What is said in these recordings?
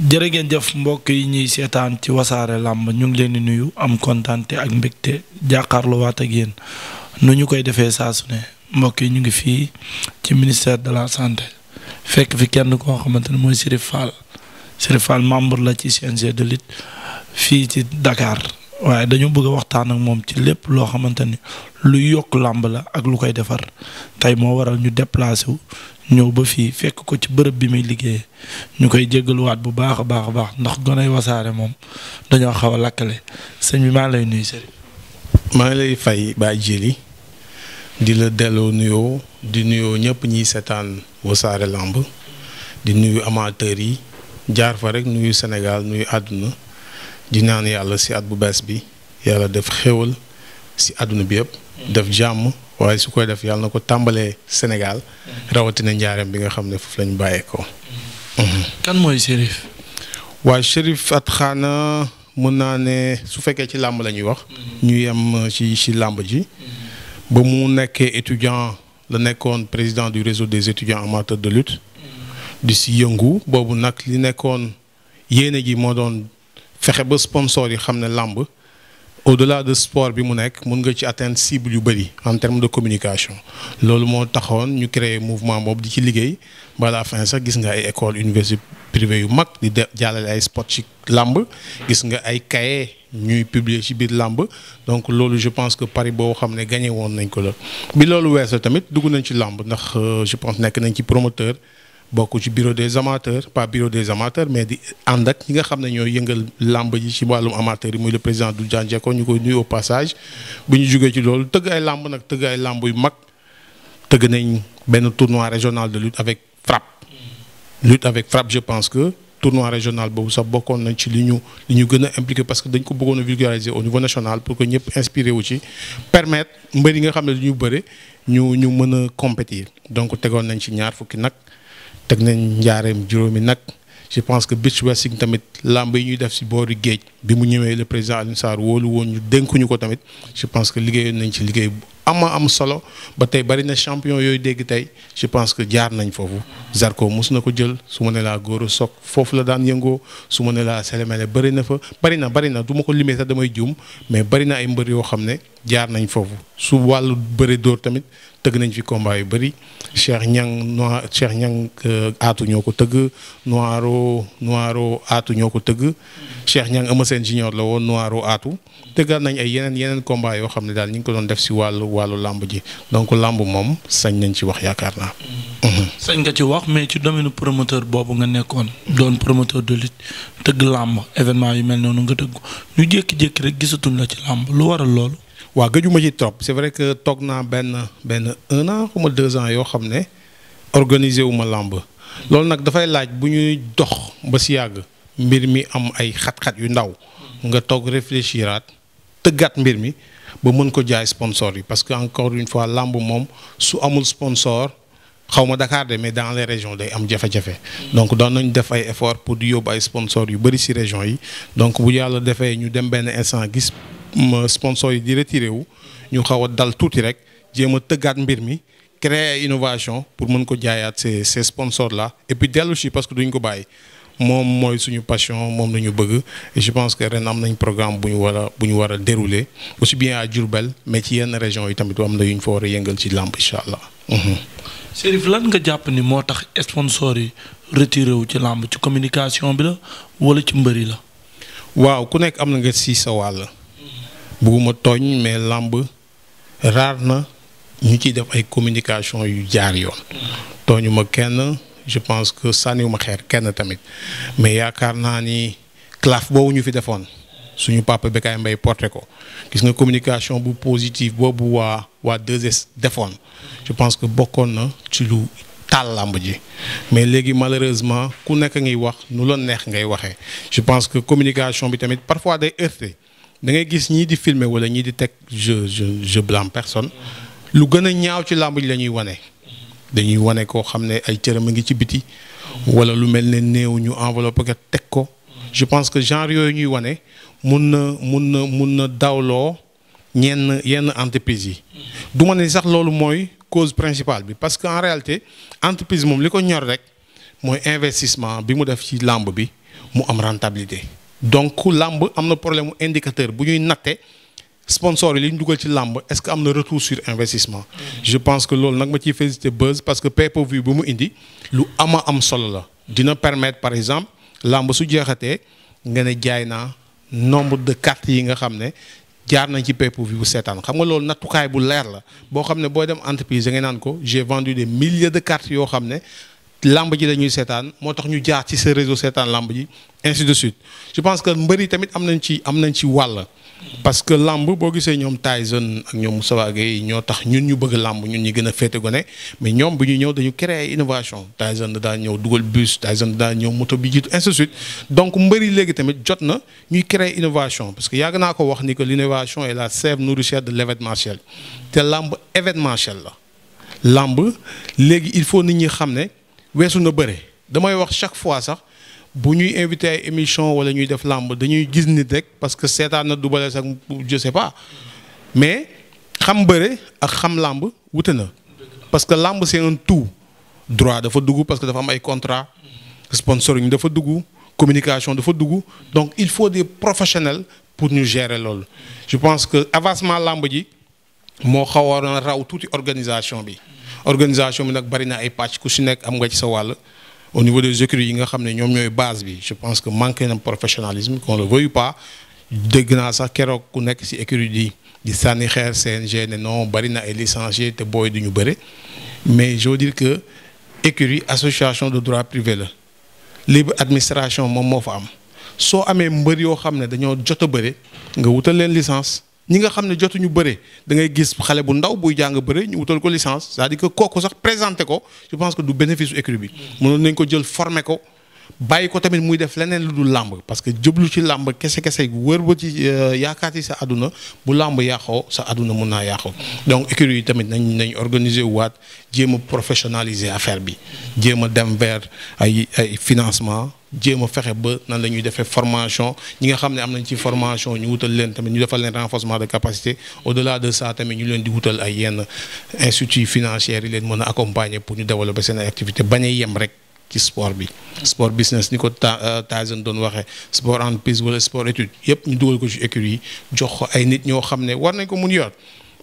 jërë ngeen jëf mbokk yi ñuy seetaan ci wasaare làmb ñu ngi leen di nuyu am kontaan te ak mbégte jàkkaarloowaat ak yéen nu ñu koy defee saa su ne mbokk yi ñu ngi fii ci ministère de la santé fekk fi kenn koo xamante ne mooy Chérif Fall Chérif Fall membre la ci CNG de lutte fii ci dakaar waaye dañu bëgg a waxtaan ak moom ci lépp loo xamante ni lu yokk làmb la ak lu koy defar tey moo waral ñu déplacé wu ñëw ba fii fekk ko ci bërëb bi muy liggéeyee ñu koy jéggaluwaat bu baax a baax a baax ndax gonay wasaare moom dañoo xaw a lakkale sëñ bi maa lay nuyu sëriñ. maa ngi lay fay Baye Djily di la delloo nuyoo di nuyoo ñëpp ñuy seetaan wasaare làmb di nuyu amateurs yi jaar fa rek nuyu Sénégal nuyu àdduna. di ñaan yàlla si at bu bees bi yàlla def xéwal si àdduna bi yëpp. def jàmm waaye su koy def yàlla na ko tàmbalee Sénégal. rawatina njaareem bi nga xam ne foofu lañu bàyyeekoo. kan mooy Chérif. waaye Chérif at xaana mën naa ne su fekkee ci làmb lañuy wax. ñu yem ci ci làmb ji. ba mu nekkee étudiant la nekkoon président du réseau des étudiants amateurs de lutte. di si yëngu boobu nag li nekkoon yéene ji moo doon. fexe ba sponsor yi xam ne làmb au-delà de de sport bi mu nekk mun nga ci atteindre cible yu bëri en terme de communication loolu moo taxoon ñu créer mouvement boobu di ci liggéey balaa la fin sax gis nga ay école université privée yu mag di jàllale ay sport ci làmb gis nga ay cahier ñuy publier ci biir làmb donc loolu je pense que pari boo xam ne gagné woon nañ ko la bi loolu weesoo tamit dugg nañ ci làmb ndax euh, je pense nekk nañ ci promoteur bokk ci bureau des amateurs pas bureau des amateurs mais di ànd ak ñi nga xam ne ñooy yëngal làmb ji ci wàllum amateur yi muy le président du Jandjeko ñu koy nuyu au passage bu ñu jógee ci loolu tëgg ay làmb nag tëgg ay làmb yu mag tëgg nañ benn tournoi régional de lutte avec frappe lutte avec frappe je pense que tournoi régional boobu sax bokkoon nañ ci li ñu li ñu gën a impliqué parce que dañ ko bëggoon a vulgariser au niveau national pour que ñëpp wu ci permettre mbër yi nga xam ne du ñu ñu ñu mën a donc tegoon nañ ci ñaar fukki nag teg nañ njaareem juróomi nag je pense que beach wrestling tamit làmb yi ñuy def si boori géej bi mu ñëwee le président Alioune Sarr wóolu woon ñu dénkuñu ko tamit je pense que liggéeyoon nañ ci liggéey bu ama am solo ba tey bari na champion yooyu dégg tey je pense que jaar nañ foofu Zarko mos ko jël su ma ne laa góor a foofu la daan yëngoo su ma ne laa selemele bari na fa bari na bari na du ma ko limee sax damay juum mais bari na ay mbër yoo xam ne jaar nañ foofu su wàllu bëri door tamit tëgg nañ fi combat yu bëri Cheikh Ñang Noir Cheikh Ñang aatu euh, ñoo ko tëgg Noiro Noiro aatu ñoo ko tëgg Cheikh Ñang Eumeu Sène junior la woon Noiro atu tëggaat nañ ay yeneen yeneen combat yoo xam ne daal ñu ngi ko doon def si wàllu wàllu làmb ji donc làmb moom sañ nañ ci wax yaakaar naa. Mm-hmm. sañ nga ci wax mais ci domaine promoteur boobu nga nekkoon doon promoteur de lutte tëgg làmb événement yi mel noonu nga tëgg ñu jékki-jékki rek gisatuñ la ci làmb lu waral loolu. waaw gëjuma ci trop c'est vrai que toog naa benn benn un an xuma deux ans yoo xam ne organiser wu ma làmb loolu nag dafay laaj bu ñuy dox ba si yàgg mbir mi am ay xat-xat yu ndaw nga toog réfléchiraat tëggaat mbir mi ba mën ko jaay sponsor yi parce que encore une fois làmb moom su amul sponsor xaw ma Dakar de mais dans les régions day am jafe-jafe donc doon nañ def ay effort pour di yóbbu ay sponsor yu bëri si région yi donc bu yàlla defee ñu dem benn instant gis sponsor yi di retiré wu ñu xaw a dal tuuti rek jéem a tëggaat mbir mi créer innovation pour mën ko jaayaat ces ces sponsors là et puis dellu si parce que duñ ko bàyyi moom mooy suñu passion moom la ñu bëgg et je pense que ren am nañ programme bu ñu war a bu ñu war a dérouler aussi bien à Diourbel mais ci yenn région yi tamit am na yu ñu fa war a yëngal ci làmb incha allah. Mhm. Chérif lan nga jàpp ni moo tax sponsors yi retiré wu ci làmb ci communication bi la wala ci mbëri la. waaw ku nekk am na nga si sa wàll. bugguma tooñ mais làmb raar na ñu ciy def ay communication yu jaar yoon tooñu ma kenn je pense que sànniwuma xeer kenn tamit mais yaakaar naa ni claf boobu ñu fi defoon suñu papa Bécaye mbay porté ko gis nga communication bu positive boobu waa waa 2S defoon je pense que bokkoon na ci lu taal làmb ji mais léegi malheureusement ku nekk ngiy wax nu la neex ngay waxee je pense que communication bi tamit parfois day heurté da ngay gis ñii di filmer wala ñii di teg je je personne lu gën a ñaaw ci làmb ji la ñuy wane. dañuy wane koo xam ne ay cëram a ngi ci biti wala lu mel ne néew ñu enveloppe ko teg ko. je pense que genre yooyu ñuy wane mun na mun na mun na dawloo ñenn yenn entreprise yi. du ma ne sax loolu mooy cause principale bi parce que en réalité entreprise moom li ko ñor rek mooy investissement bi mu def ci làmb bi mu am rentabilité. donc làmb am na problème mu indicateur bu ñuy natte sponsor yi li ñu dugal ci làmb est-ce que am na retour sur investissement. Mm. je pense que loolu nag ma ciy félicité buzz parce que pay-per-view bu mu indi lu ama am solo la. dina permettre par exemple làmb su jeexatee nga ne jaay naa nombre de cartes yi nga xam ne jaar nañ ci pay-per-view bu seetaan xam nga loolu nattukaay bu leer la boo xam ne booy dem entreprise da ngay naan ko j'ai vendu de milliers de cartes yoo xam ne làmb ji dañuy seetaan moo tax ñu jaar ci sa réseau seetaan làmb ji ainsi de je pense que mbëri tamit am nañ ci am nañ ci wàll. parce que làmb boo gisee ñoom Tyson ak ñoom Moustapha Gueye ñoo tax ñun ñu bëgg làmb ñun ñu gën a féete gone mais ñoom bi ñu ñëw dañu créer innovation Tyson daa ñëw dugal bus Tyson daa ñëw moto bi jiitu ainsi de donc mbëri léegi tamit jot na ñuy créer innovation parce que yàgg naa ko wax ni que l'innovation est la sève nourricière de l'événementiel te làmb événementiel la làmb léegi il faut nit ñi xam ne. weesu na bëre damay wax chaque fois sax bu ñuy invité ay émission wala ñuy def làmb dañuy gis nit rek parce que seetaan na Double Less ak je sais pas mais xam bëre ak xam làmb wute na parce que làmb c'est un tout droit dafa dugg parce que dafa am ay contrat sponsoring dafa dugg communication dafa dugg donc il faut des professionnels pour ñu gérer loolu je pense que avancement làmb ji moo xawoon raw tuuti organisation bi organisation bi nag bari na ay pàcc ku si nekk am nga ci sa wàll au niveau des écuries yi nga xam ne ñoom ñooy base bi je pense que manqué na professionnalisme qu'on le veuille pas dégg naa sax keroog ku nekk si écurie di di sànni xeer CNG ne non bari na ay licenciés te booy du ñu bëre mais je veux dire que écurie association de droit privé la libre administration moom moo fa am soo amee mbër yoo xam ne dañoo jot a bëre nga wutal leen licence. ñi nga xam ne jotuñu bëre da ngay gis xale bu ndaw buy jàng bëre ñu wutal ko licence cest à sax présenté ko je pense que du bénéfice u écurie bi mënoon nañ ko jël formé ko bàyyi ko tamit muy def leneen lu dul làmb parce que jublu ci làmb kese kese bu wër ba ci euh, yaakaati sa àdduna bu làmb yàqoo sa àdduna mun naa yàqoo donc écurie yi tamit nañ nañ organiser waat jéem a professionnaliser affaire bi jéem a dem vers ay ay financement jéem a fexe ba nan la ñuy defee formation ñi nga xam ne am nañ ci formation ñu wutal leen tamit ñu defal leen renforcement de capacité au delà de ça tamit ñu leen di wutal ay yenn instituts financiers yi leen mën a accompagner pour ñu développer seen activité bañ a yem ci sport bi. sport business ni ko ta euh, Tyson doon waxee sport entreprise wala sport étude yëpp ñu dugal ko ci écurie yi jox ko ay nit ñoo xam ne war nañ ko mun yor.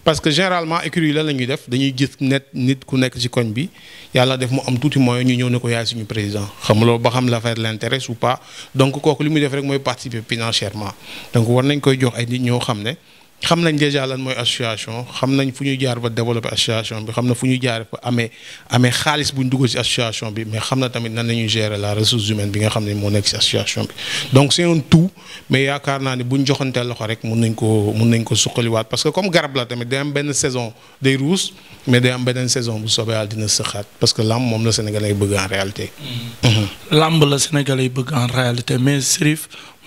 parce que généralement écurie yi lan la ñuy def dañuy gis net nit ku nekk ci koñ bi yàlla def mu am tuuti moyo ñu ñëw ne ko yaay suñu président xam loolu ba xam l'affaire l'intéresse ou pas donc kook li muy def rek mooy participer financièrement donc war nañ koy jox ay nit ñoo xam ne. xam nañ déjà lan mooy association xam nañ fu ñuy jaar ba développer association bi xam na fu ñuy jaar ba amee xaalis bu ñu ci association bi mais xam na tamit nan la ñuy la ressource humaine bi nga xam ne moo nekk ci association bi donc c'est tout mais yaakaar naa ne bu ñu loxo rek mun nañ ko mun nañ ko suqaliwaat parce que comme garab la tamit day am benn saison day ruus mais day am beneen saison bu soobee yàlla dina sëxaat parce que lamb moom la Sénégalais bëgg en réalité. Mm. Mhm. lamb la Sénégalais bëgg en réalité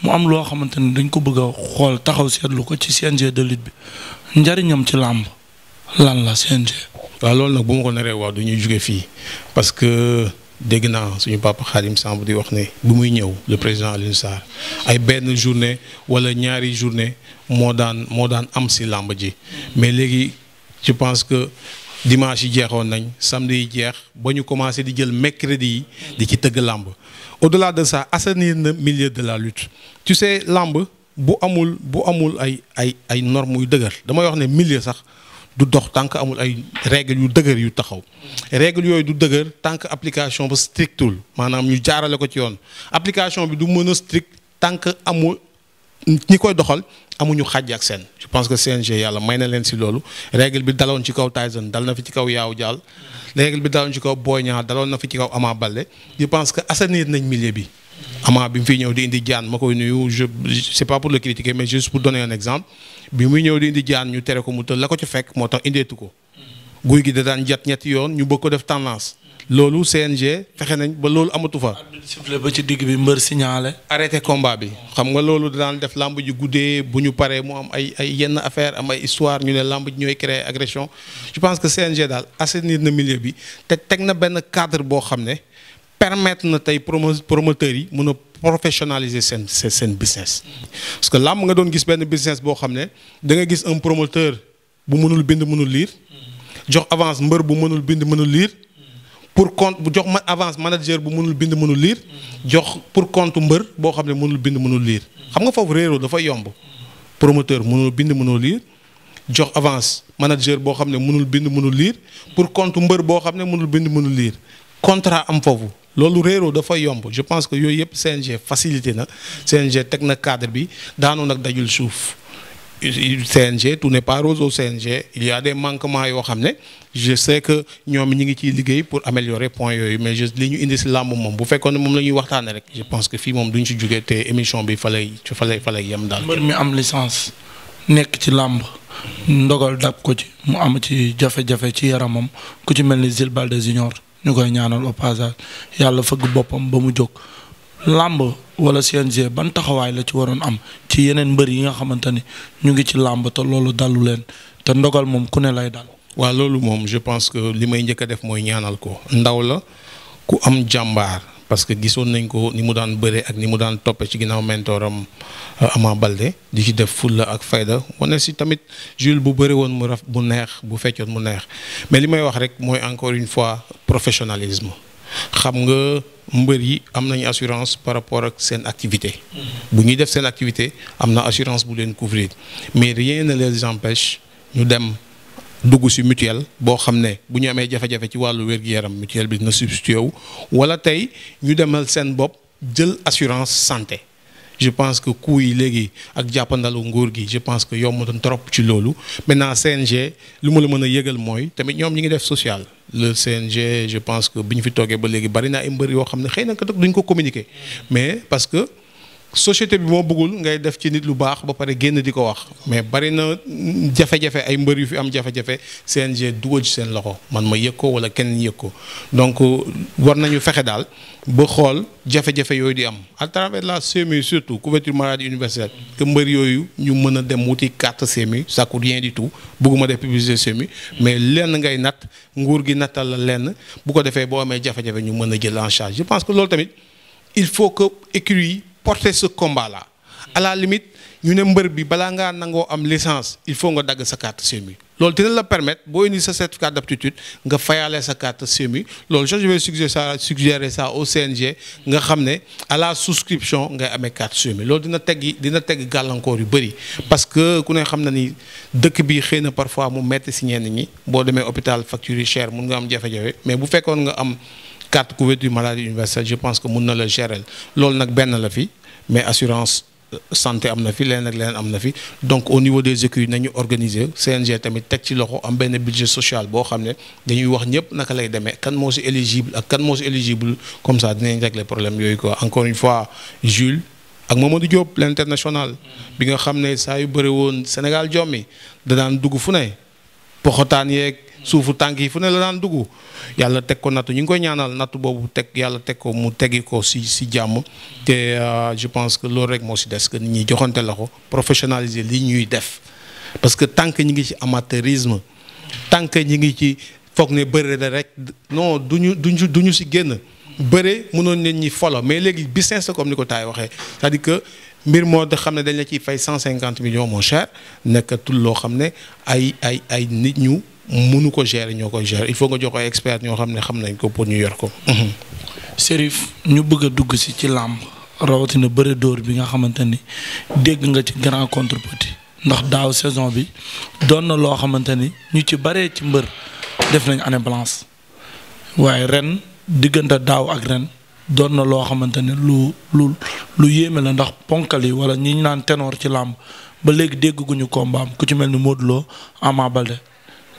mu am loo xamante ni dañ ko bëgg a xool taxaw seetlu ko ci CNG de lutte bi njariñam ci làmb lan la CNG. waaw loolu nag bu ma ko naree waaw du ñuy juge fii parce que dégg naa suñu papa Xarim Samb di wax ne bu muy ñëw le président Alioune Sarr ay benn journée wala ñaari journée moo daan moo daan am si làmb ji mais léegi je pense que. dimanche yi jeexoon nañ samedi yi jeex ba ñu commencé di jël mercredi yi di ci tëgg làmb au la de ça assainir na milieu de la lutte tu sais làmb bu amul bu amul ay ay ay normes yu dëgër damay wax ne millier sax du dox tànk amul ay règles yu dëgër yu taxaw règles yooyu du dëgër tànk application ba strictul maanaam ñu jaarale ko ci yoon application bi du mën a strict tant que amul ñi koy doxal amuñu xàjj ak seen je pense que CNG yàlla may na leen si loolu règle bi daloon ci kaw Tyson dal na fi ci kaw Yaaw Jaal règle bi daloon ci kaw Boy daloon na fi ci kaw Ama Baldé je pense que assainir nañ milieu bi. Ama bi mu fiy ñëw di indi jaan ma koy nuyu je c'est pas pour le critiquer mais juste pour donner un exemple bi muy ñëw di indi jaan ñu tere ko mu tël la ko ci fekk moo tax indeetu ko. guy gi da daan jat ñetti yoon ñu bëgg ko def tendance. loolu CNG fexe nañ ba loolu amatu fa. ba ci digg bi mbër signalé. arrêté combat bi xam nga loolu daan def làmb ji guddee bu ñu paree mu am ay ay yenn affaire am ay histoire ñu ne làmb ji ñooy créer agression je pense que CNG daal assainir na milieu bi te teg na benn cadre boo xam ne permettre na tey promo promoteurs yi mun a professionnaliser seen seen business. parce que làmb nga doon gis benn business boo xam ne da nga gis un promoteur bu mënul bind mënul lire. jox mbër bu mënul bind mënul lire. pour compte bu jox ma avance manager bu mënul bind mënul liir jox pour compte mbër boo xam ne mënul bind mënul liir xam foofu réeroo dafa yomb promoteur mënul bind mënul liir jox avance manager boo xam ne mënul bind mënul liir pour compte mbër boo xam ne mënul bind mënul liir contrat am foofu loolu réeroo dafa yomb je pense que yooyu yëpp CNG facilité na CNG teg na cadre bi daanoon ak dajul suuf CNG tout n'est pas rose au CNG il y a des manquements yoo xam ne je sais que ñoom ñi ngi ciy liggéey pour améliorer point yooyu mais je li ñu indi si làmb moom bu fekkoon ne moom la ñuy waxtaanee rek je pense que fii moom duñ si jógee te émission bi fa lay fa lay fa lay yem daal. mbër mi am licence nekk ci làmb ndogal dab ko ci mu am ci jafe-jafe ci yaramam ku ci mel ni Zil de Junior ñu koy ñaanal au yàlla fëgg boppam ba mu jóg. làmb wala CNG ban taxawaay la ci waroon am ci yeneen mbër yi nga xamante ni ñu ngi ci làmb te loolu dalu leen te ndogal moom ku ne lay dal. waa loolu moom je pense que li may njëkk a def mooy ñaanal ko ndaw la ku am jàmbaar parce que gisoon nañ ko ni mu daan bëre ak ni mu daan toppe ci ginnaaw am euh, Ama Balde di ci def fulla ak fayda wane si tamit Jules bu bëri woon mu raf bu neex bu feccoon mu neex mais li may wax rek mooy encore une fois professionnalisme. xam nga mbër yi am nañu assurance par rapport ak seen activité. bu ñuy def seen activité am na assurance bu leen couvrir mais rien ne les empêche ñu dem dugg ci mutuelle boo xam ne bu ñu amee jafe-jafe ci wàllu wér-gu-yaram mutuelle bi na substitué wu wala tey ñu demal seen bopp jël assurance santé. je pense que coût yi léegi ak jàppandalu nguur gi je pense que yombatoon trop ci loolu maintenant CNG lu ma la mën a yëgal mooy tamit ñoom ñi ngi def social le CNG je pense que bi ñu fi toogee ba léegi bari naa ay mbër yoo xam ne xëy na kat duñ ko communiquer mais parce que société bi moo bëggul ngay def ci nit lu baax ba pare génn di ko wax mais bari na jafe-jafe ay mbër yu fi am jafe-jafe CNG dugal ci seen loxo man ma yëg ko wala kenn yëg ko donc war nañu fexe daal ba xool jafe-jafe yooyu di am à travers la CMU surtout couverture maladie universelle que mbër yooyu ñu mën a dem wuti carte CMU ça coûte di du tout bëgguma def publicité CMU mais lenn ngay natt nguur gi nattal la lenn bu ko defee boo amee jafe-jafe ñu mën a jël en charge que loolu tamit il faut que écurie porter ce combala là à la limite ñu ne mbër bi balaa ngaa nangoo am licence il faut nga dagg sa carte CMU loolu dina la permettre boo indi sa certificat d'aptitude nga fayalee sa carte CMU loolu je vais suggérer ça suggérer ça au nga xam ne à la souscription ngay amee carte CMU lool dina teggi dina tegg gàllankoor yu bëri parce que ku ne xam na ni dëkk bi xëy na parfois mu metti si ñenn ñi boo demee hôpital facture yi mun nga am jafe-jafe mais bu fekkoon nga am. carte couverture maladie universelle je pense que mun na la gérer loolu nag benn la fi mais assurance euh, santé am na fi leneen ak leneen am na fi donc au niveau des écuries nañu organiser CNG tamit teg ci loxo am benn budget social boo xam ne dañuy wax ñëpp naka lay demee kan moo si éligible ak kan moo si éligible comme ça dinañ régler problème yooyu quoi encore une fois Jules ak Mamadou Diop l'international bi nga xam ne saa yu bëri woon Sénégal jommi danaan dugg fu ne suufu tànk yi fu ne la daan dugg yàlla teg ko nattu ñu ngi koy ñaanal nattu boobu teg yàlla teg ko mu tegi ko si si jàmm te euh, je pense que loolu rek moo si des que nit ñi joxante la ko professionnaliser li ñuy def parce que tànk que ñi ngi ci amateurisme tant que ñi ngi ci foog ne bëre la rek non duñu duñu duñu si génn bëre mënoon nañ ñi folo mais léegi business la comme ni ko taay waxee cest à que mbir moo da xam ne dañ la ciy fay cent cinquante millions mon cher nekkatul loo xam ne ay ay ay nit ñu mënu ko gérer ñoo koy gérer il faut nga jox ay expert ñoo xam ne xam nañ ko pour ñu yor ko. Mhm. Serif ñu bëgg a dugg si ci làmb rawatina bëre door bi nga xamante ni dégg nga ci grand contre petit ndax daaw saison bi doon na loo xamante ni ñu ci baree ci mbër def nañ année blanche waaye ren diggante daaw ak ren doon na loo xamante ni lu lu lu yéeme la ndax ponkal wala ñi naan tenoor ci làmb ba léegi dégg guñu combat ku ci mel ni Modou Lo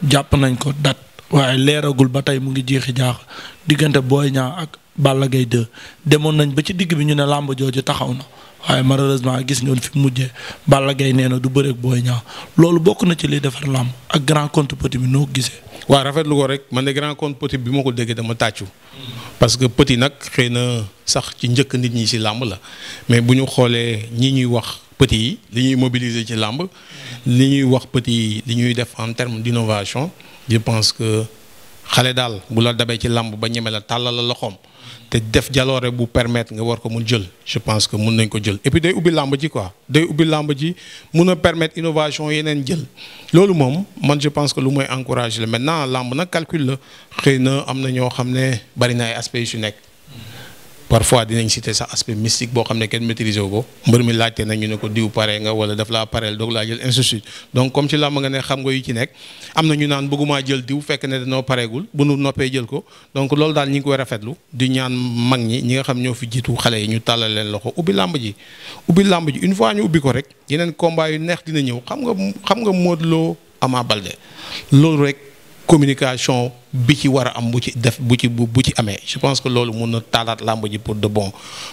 jàpp nañ ko dat waaye leeragul ba tey mu ngi jeexi jaax diggante Boy ñaa ak Balla Gaye 2 demoon nañ ba ci digg bi ñu ne làmb jooju taxaw na waaye malheureusement gis ngeen fi mujjee Balla gay nee na du bëreeg Boy Niang loolu bokk na ci liy defar làmb ak grand contre petit bi noo gisee. waaw rafetlu ko rek man ne grand contre petit bi ma ko déggee dama tàccu parce que petit nag xëy na sax ci njëkk nit ñi si làmb la mais bu ñu xoolee ñi ñuy wax. petit yi li ñuy mobiliser ci làmb li ñuy wax petit yi li ñuy def en terme d'innovation je pense que xale daal bu la dabee ci làmb ba ñeme la tàllal la loxoom te def jaloore bu permettre nga war ko mun jël je pense que mun nañ ko jël et puis day ubbi làmb ji quoi day ubbi làmb ji mun a permettre innovation yeneen jël loolu moom man je pense que lu mooy encourager la maintenant làmb na calcul la xëy na am na ñoo xam ne bari na ay si nekk. parfois dinañ citer sa aspect mystique boo xam ne kenn maîtriser wu ko mbër mi laajte nañu ne ko diw pare nga wala daf laa pareel doog laa jël ainsi de suite donc comme ci làmb nga ne xam nga yu ci nekk am na ñu naan bëggumaa jël diw fekk ne dañoo pareegul bu nu noppee jël ko donc loolu daal ñi ngi koy rafetlu di ñaan mag ñi ñi nga xam ñoo fi jiitu xale yi ñu tàllal leen loxo ubbi làmb ji ubbi làmb ji une fois ñu ubbi ko rek yeneen combat yu neex dina ñëw xam nga xam nga Modou Lo Ama loolu rek communication bi ci war a am bu ci def bu ci bu ci amee je pense que loolu mun na taalaat làmb ji pour de bon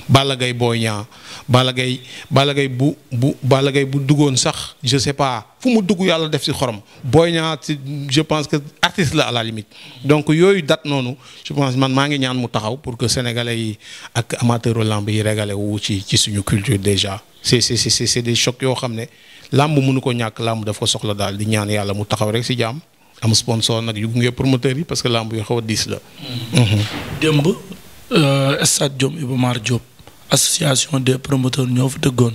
balagay Gaye Boy Niang Balla Gaye Balla bu bu Balla bu duggoon sax je sais pas fu mu dugg yàlla def si xorom Boy Niang si je pense que artiste la à la limite donc yooyu dat noonu je pense man maa ngi ñaan mu taxaw pour que sénégalais yi ak amateuru làmb yi régalé wu ci ci suñu culture déjà c'est c'est c'est c'est des yoo xam ne làmb munu ko ñàkk làmb daf ko soxla daal di ñaan yàlla mu taxaw rek si jàmm am sponsor nag yu gunge promoteur yi parce que lamb yu xaw a diis la. Mm-hmm. démb euh, stade Diom Iba Mar association des promoteurs ñoo fa dëggoon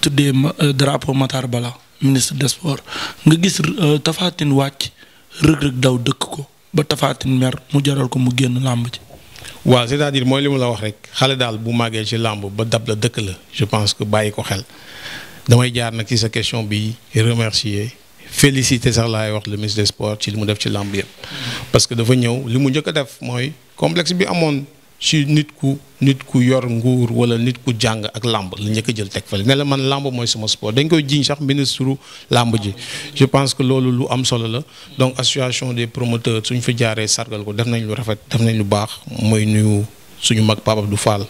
tuddee euh, drapeau Matar Bala ministre des nga gis euh, Tapha Tine wàcc rëg-rëg daw dëkk ko ba Tapha Tine mer mu jaral ko mu génn làmb ci. waaw c'est-à-dire mooy li ma la wax rek xale daal bu màggee ci làmb ba dab la dëkk la je pense que bàyyi ko xel damay jaar nag ci sa question bi remercier. félicité sax laay wax le ministre des sports ci li mu def ci làmb yëpp parce que dafa ñëw li mu njëkk def mooy complexe bi amoon ci nit ku nit ku yor nguur wala nit ku jàng ak làmb la njëkk a jël teg fale ne la man làmb mooy sama sport dañ koy jiñ sax ministre làmb ji je pense que loolu lu am solo la donc association des promoteurs suñ fi jaaree sargal ko def nañ lu rafet def nañ lu baax mooy nuyu suñu mag Pape Abdou Fall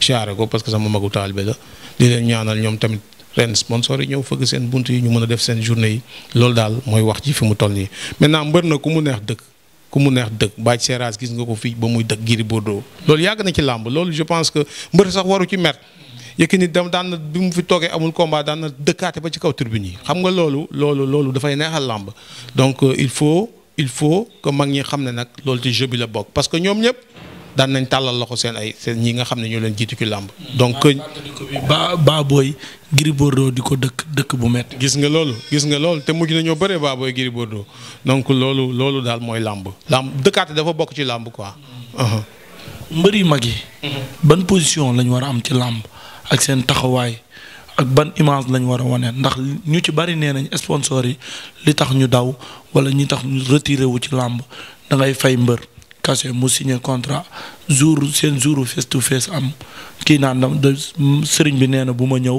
siyaare ko parce que sama magu taalibe la ñaanal ñoom tamit ren sponsor yi ñëw fëgg seen bunt yi ñu mën a def seen journée yi loolu daal mooy wax ji fi mu toll nii maintenant mbër na ku mu neex dëkk ku mu neex dëkk bàaj seeraas gis nga ko fii ba muy dëkk Gris Bordeaux loolu yàgg na ci làmb loolu je pense que mbër sax waru ci mer Yékini dem daan na bi mu fi toogee amul combat daan na dëkkaate ba ci kaw tribune yi xam nga loolu loolu loolu dafay neexal làmb donc euh, il faut il faut que mag ñi xam ne nag loolu ci jeu bi la bokk parce que ñoom ñëpp daan nañ tàllal loxo seen ay seen ñi nga xam ne ñoo leen jiitu ci làmb donc ba baabooy Gris Bordeaux di ko dëkk dëkk bu mett gis nga loolu gis nga loolu te mujj na ñoo bëree baabooy Gris Bordeaux donc loolu loolu daal mooy làmb làmb dëkkaate dafa bokk ci làmb quoi uh-huh. mbër yu mag yi uh-huh. ban position lañu war a am ci làmb ak seen taxawaay ak ban image lañ war a wane ndax ñu ci bari nee nañ sponsor yi li tax ñu daw wala ñi tax ñu ci làmb da ngay fay mbër cachet mu signé contrat jour seen jour face to face am kii naan da sëriñ bi nee na bu ma ñëw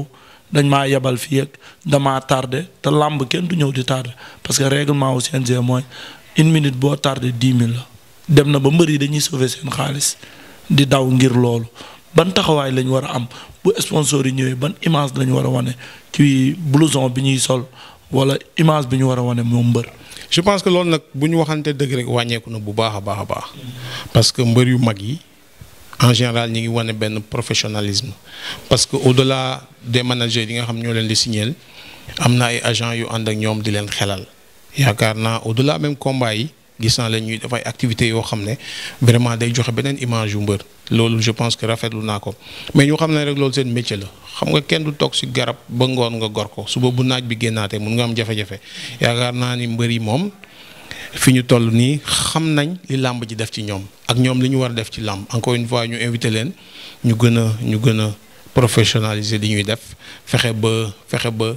dañ maa yebal fii ak damaa tardé te làmb kenn du ñëw di tardé parce que règlement wu CNG mooy une minute boo tardé dix mille la dem na ba mbër yi dañuy sauver seen xaalis di daw ngir loolu ban taxawaay lañ war a am bu sponsor yi ñëwee ban image lañu war a wane ci blouson bi ñuy sol wala image bi ñu war a wane moom mbër. je pense que loolu nag bu ñu waxante dëgg rek wàññeeku na bu baax a baax a baax parce que mbër yu mag yi en général ñi ngi wane benn professionalisme parce que au la des managers yi nga xam ñoo leen di signer am na ay agent yu ànd ak ñoom di leen xelal yaakaar naa au la même combat yi. gis naa leen ñuy def ay activités yoo xam ne vraiment day joxe beneen image yu mbër loolu je pense que rafetlu naa ko mais ñu xam ne rek loolu seen métier la xam nga kenn du toog si garab ba ngoon nga gor ko suba bu naaj bi génnaatee mun nga am jafe-jafe yaakaar naa ni mbër yi moom fi ñu toll nii xam nañ li làmb ji def ci ñoom ak ñoom li ñu war a def ci làmb encore une fois ñu invité leen ñu gën a ñu gën a professionnaliser li ñuy def fexe ba fexe ba.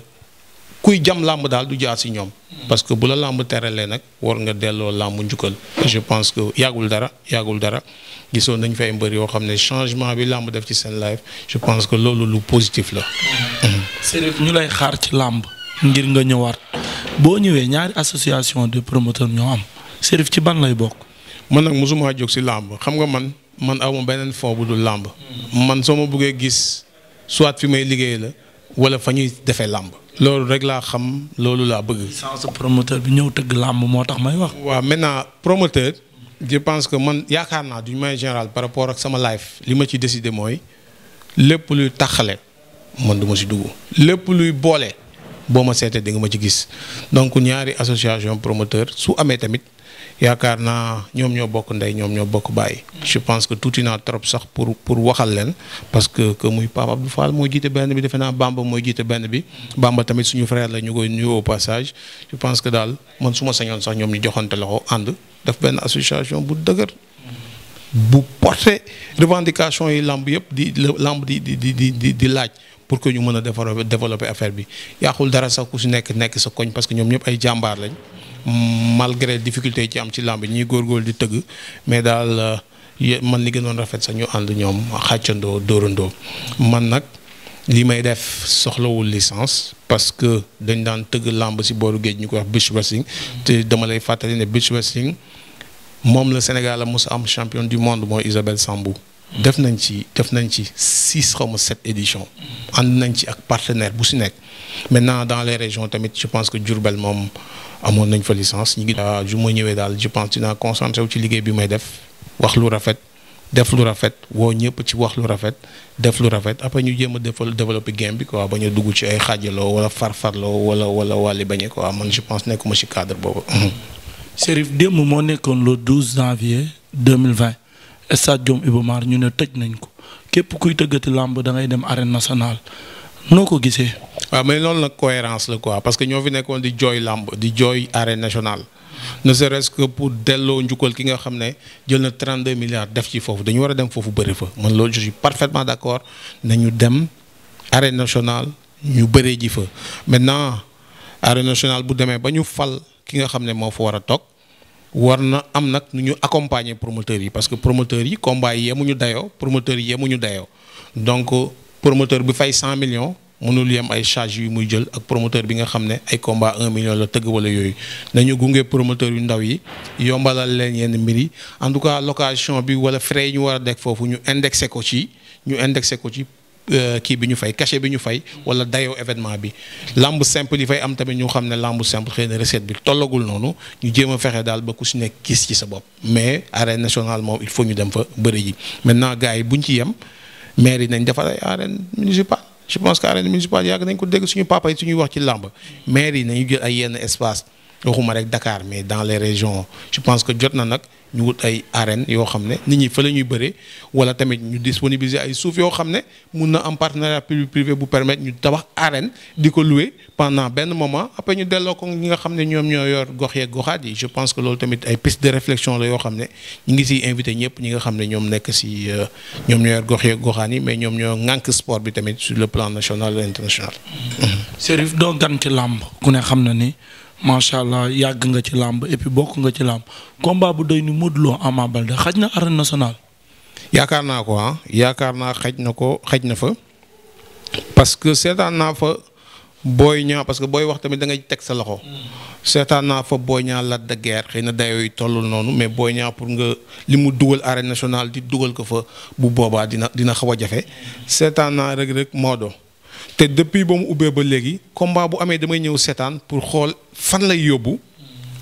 kuy jam làmb daal du jaar si ñoom. parce que bu la làmb teralee nag war nga delloo làmb njukkal. je pense que yàggul dara yàggul dara gisoon nañ fay mbër yoo xam ne changement bi làmb def ci seen life je pense que loolu lu positif la. Sérif ñu lay xaar ci làmb ngir nga ñëwaat boo ñëwee ñaari association de promoteur ñoo am Sérif ci ban lay bokk. man nag mosuma jóg si làmb xam nga man man awma beneen fond dul làmb. man soo ma bëggee gis soit fi may liggéey la wala fa ñuy defee làmb. loolu rek laa xam loolu laa bëgg. sans promoteur bi ñëw tëgg làmb moo tax may wax. waaw maintenant promoteur. je pense que man yaakaar naa du may général par rapport ak sama life li ma ci décidé mooy lépp luy taxale man du ma si dugg lépp luy boole boo ma seetee di nga ma ci gis donc ñaari association promoteur su amee tamit. yaakaar naa ñoom ñoo bokk ndey ñoom ñoo bokk bàyyi. je pense que tuuti naa trop sax pour pour waxal leen parce que que muy Pape Abdou Fall mooy jiite benn bi defe naa Bamba mooy jiite benn bi. Bamba tamit suñu frère la ñu koy nuyu au passage je pense que daal man suma ma sañoon sax ñoom ñu joxante loxo ànd def benn association bu dëgër. bu porté revendication yi lamb yëpp di lamb di di di di di laaj. pour que ñu mën a développer affaire bi yaaxul dara sax ku si nekk nekk sa koñ parce que ñoom ñëpp ay jàmbaar lañ. malgré difficulté yi ci am ci làmb ñuy góorgóorlu di tëgg mais daal euh, man li gënoon rafet sax ñu ànd ñoom xàccandoo dóorandoo man nag li may def soxlawul licence parce que dañ daan tëgg làmb si booru géej ñu koy wax beach wrestling te dama lay fàttali ne beach wrestling moom la Sénégal a a am champion du monde mooy Isabelle Sambou def nañ ci def nañ ci six xaw ma sept éditions. ànd nañ ci ak partenaire bu si nekk. maintenant dans les régions tamit je pense que Diourbel moom amoon nañ fa licence ñu ngi. Ah, ju ma ñëwee daal je pense dinaa concentré wu ci liggéey bi may def wax lu rafet def lu rafet woo ñëpp ci wax lu rafet def lu rafet après ñu jéem a développer game bi quoi ba ñu dugg ci ay xaaj xaajaloo wala farfarloo wala wala wàlli bañe quoi man je pense nekkuma ci cadre boobu. Chérif démb moo nekkoon le stade Diom Iba Mar ñu ne tëj nañ ko képp kuy tëggati làmb da ngay dem arène nationale noo ko gisee. waaw mais loolu nag cohérence la quoi parce que ñoo fi nekkoon di jooy làmb di jooy arène nationale ne serait-ce pour delloo njukkal ki nga xam ne jël na 32 milliards def ci foofu dañu war a dem foofu bëri fa man loolu je suis parfaitement d'accord nañu dem arène nationale ñu bëree ji fa maintenant arène nationale bu demee ba ñu fal ki nga xam ne moo fa war a toog. war na am nag nu ñu accompagner promoteurs yi parce que promoteurs yi combat yi ñu dayoo promoteurs yemu ñu dayoo donc promoteur bi fay 100 millions mënul yem ay charge yu muy jël ak promoteur bi nga xam ne ay combat 1 million la tëgg wala yooyu nañu gunge promoteur yu ndaw yi yombalal leen yenn mbir yi en tout cas location bi wala frais yi ñu war a dekk foofu ñu indexé ko ci ñu indexé ko ci Euh, kii bi ñu fay cachet bi ñu fay wala dayoo événement bi lamb simple yi fay am tamit ñu xam ne lamb simple xëy na recette bi tollagul noonu ñu jéem a fexe daal ba ku si nekk gis ci sa bopp mais arène nationale moom il faut ñu dem fa bëri ji maintenant gars yi buñ ci yem maire yi nañ defar ay arène municipale je pense que arène municipale yàgg nañ ko dégg suñu papa suñuy wax ci lamb maire nañu jël ay yenn espace waxuma rek Dakar mais dans les régions je pense que jot na nag ñu wut ay arènes yoo xam ne nit ñi fa la ñuy bëree wala tamit ñu disponibiliser ay suuf yoo xam ne mun na am partenariat public privé bu permettre ñu tabax arène di ko louer pendant benn moment après ñu delloo ko ñi nga xam ne ñoom ñoo yor gox yeeg goxaat je pense que loolu tamit ay piste de réflexion la yoo xam ne ñu ngi siy invité ñëpp ñi nga xam ne ñoom nekk si euh, ñoom ñoo yor gox yeeg goxaat yi mais ñoom ñoo ŋànk sport bi tamit sur le plan national et international. Chérif doo gan ci làmb ku ne xam na ni. macha allah yàgg nga ci làmb et bokk nga ci làmb combat bu doy ni mu Lo Ama Baldé xaj na arène nationale. yaakaar naa ko ah yaakaar naa xaj na ko xaj na fa parce que seetaan naa fa booy ñaa parce que booy wax tamit da ngay teg sa loxo. seetaan naa fa booy ñaar Lac de Guiers xëy na dayoo yi noonu mais booy ñaa pour nga li mu dugal arène nationale di dugal ko fa bu boobaa dina dina xaw a jafe seetaan naa Reug Reug Modou te depuis ba mu ubbee ba léegi combat bu amee damay ñëw seetaan pour xool fan lay yóbbu.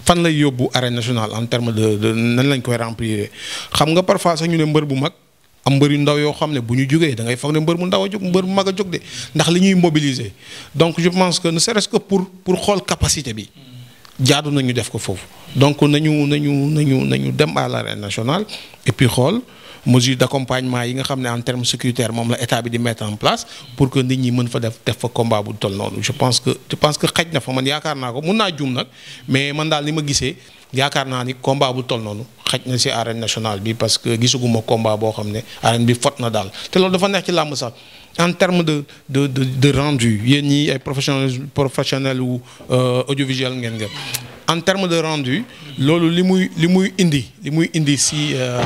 fan lay yóbbu arène nationale en terme de nan lañ koy remplir xam nga parfois sax ñu ne mbër bu mag am mbër yu ndaw yoo xam ne bu ñu jógee da foog ne mbër mu ndaw a jóg mbër mu mag a jóg de ndax li ñuy mobiliser donc je pense que ne serait-ce que pour pour xool capacité bi. jaadu ñu def ko foofu donc nañu nañu nañu nañu dem à l'arène nationale et puis xool. mesures d'accompagnement yi nga xam ne en termes sécuritaires moom la état bi di mettre en place pour que nit ñi mën fa def def fa combat bu toll noonu je pense que je pense que xaj na fa man yaakaar naa ko mun naa juum nag mais man daal li ma gisee yaakaar naa ni combat bu toll noonu xaj na si arène nationale bi parce que gisuguma combat boo xam ne arène bi fot na daal te loolu dafa neex ci làmb sax en terme de de de de rendu yéen ñi ay professionnel professionnel wu euh, audiovisuel ngeen ngeen en terme de rendu loolu li muy li muy indi li muy indi ci. Euh,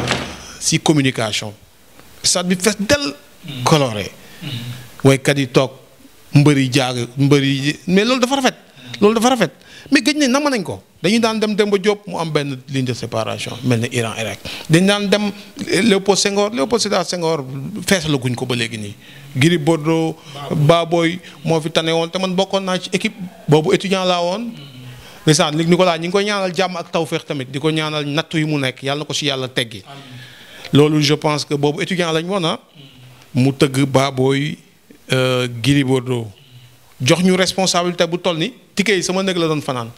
si communication stade bi fees del coloré waykat yi toog mbër mbëri jaag yi mais loolu dafa rafet loolu dafa rafet mais gëj nañ nama nañ ko dañuy daan dem Demba Diop mu am benn ligne de séparation mel ni Iran Irak dañ daan dem Léopold Senghor Léopold Sédar Senghor feesalaguñ ko ba léegi nii. Giri Bordeaux Baboy moo fi tane woon te man bokkoon naa ci équipe boobu étudiant laa woon. ndeysaan léegi Nicolas ñu ngi koy ñaanal jàmm ak tawféex tamit di ko ñaanal nattu yu mu nekk yàlla ko si yàlla teggi. loolu je pense que boobu étudiant lañu woon ah mu tëgg baabooy euh, Gris Bordeaux jox ñu responsabilité bu toll ni ticket yi sama nekk la doon fanaan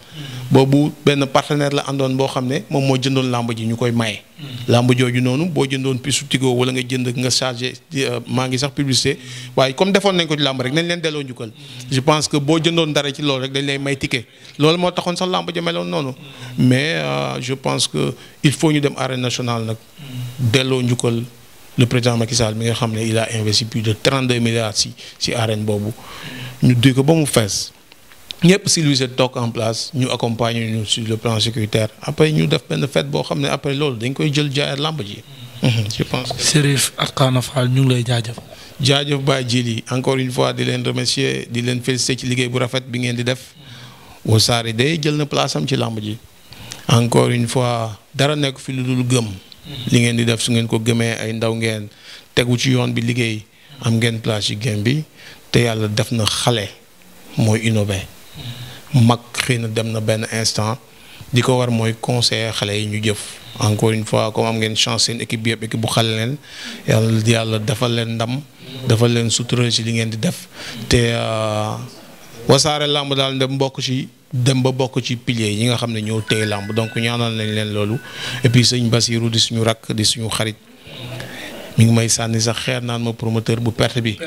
boobu benn partenaire la àndoon boo xam ne moom moo jëndoon làmb ji ñu koy maye. làmb jooju noonu boo jëndoon pisu tigo wala nga jënd nga chargé euh, maa ngi sax publicité waaye comme defoon nañ ko ci làmb rek nañ leen delloo njukkal. je pense que boo jëndoon dara ci loolu rek dañ lay may ticket loolu moo taxoon sax làmb ji meloon noonu. mais euh, je pense que il faut ñu dem arène nationale nag. delloo le président Macky Sall mi nga xam ne il a investi plus de 32 milliards si si boobu ñu duy ko ba mu fees ñëpp si lui se toog en place ñu accompagne ñu sur le plan sécuritaire après ñu def benn fête boo xam ne après loolu dañ koy jël jaayat làmb ji. Mhm, je pense que. Chérif Atkana Fall ñu ngi lay jaajëf. jaajëf Baye Djili encore une fois di leen remercier di leen féliciter ci liggéey bu rafet bi ngeen di def Wassare day jël na place am ci làmb ji encore une fois dara nekk fi lu dul gëm. li ngeen di def su ngeen ko gëmee ay ndaw ngeen tegu ci yoon bi liggéey am ngeen place ci game bi te yàlla def na xale mooy innové mag xëy na dem na benn instant di ko war mooy conseiller xale yi ñu jëf encore une fois comme am ngeen chance seen équipe bi yëpp équipe bu xale leen yàlla yàlla defal leen ndam. defal leen sutura li ngeen di def te. Euh, wasaare làmb daal dem bokk ci dem ba bokk ci piliers yi ñi nga xam ne ñoo téye làmb donc ñaanal nañu leen loolu et puis sëñ Basirou di suñu rakk di suñu xarit mu ngi may sànni sax xeer naan ma promoteur bu perte bi.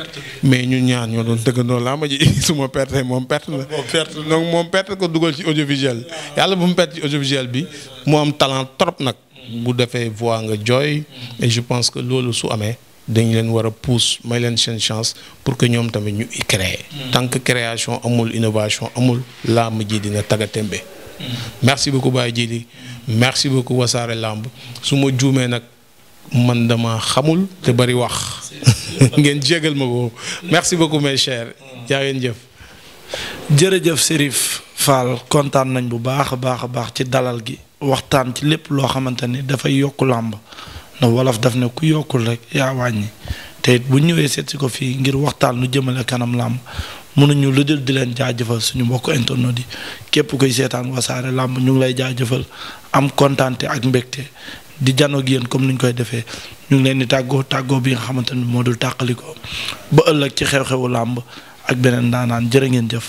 mais ñun ñaan ñoo doon dëggandoo làmb ji su ma perte moom perte la. perte donc moom perte ko dugal ci audiovisuel. yàlla bu mu perte ci audiovisuel bi mu am talent trop nag. bu defee voix nga jooy. et je pense que loolu su amee. dañ leen war a pousse may leen seen chance pour que ñoom tamit ñu créer hmm. tant que création amul innovation amul làmb ji dina tagatémbe hmm. merci beaucoup jii Djily merci beaucoup Wassare Lamb su ma juumee nag man dama xamul te bari wax ngeen jégal ma ko merci beaucoup mes chers hmm. jaa ngeen jëf jërëjëf Chérif Fall kontaan nañ bu baax a baax a baax ci dalal gi waxtaan ci lépp loo xamante ni dafay yokk làmb na wolof daf ne ku yokkul rek yaa wàññi te bu ñëwee seet si ko fii ngir waxtaan lu jëmale kanam làmb mënuñu lu dul di leen jaajëfal suñu mbokk internet di képp kuy seetaan wasaare làmb ñu ngi lay jëfal am kontaante ak mbégte di janoo ak comme ni ñu koy defee ñu ngi leen di tàggoo tàggoo bi nga xamante ni moo dul tàqalikoo ba ëllëg ci xew-xewu làmb ak beneen daanaan jërë ngeen jëf.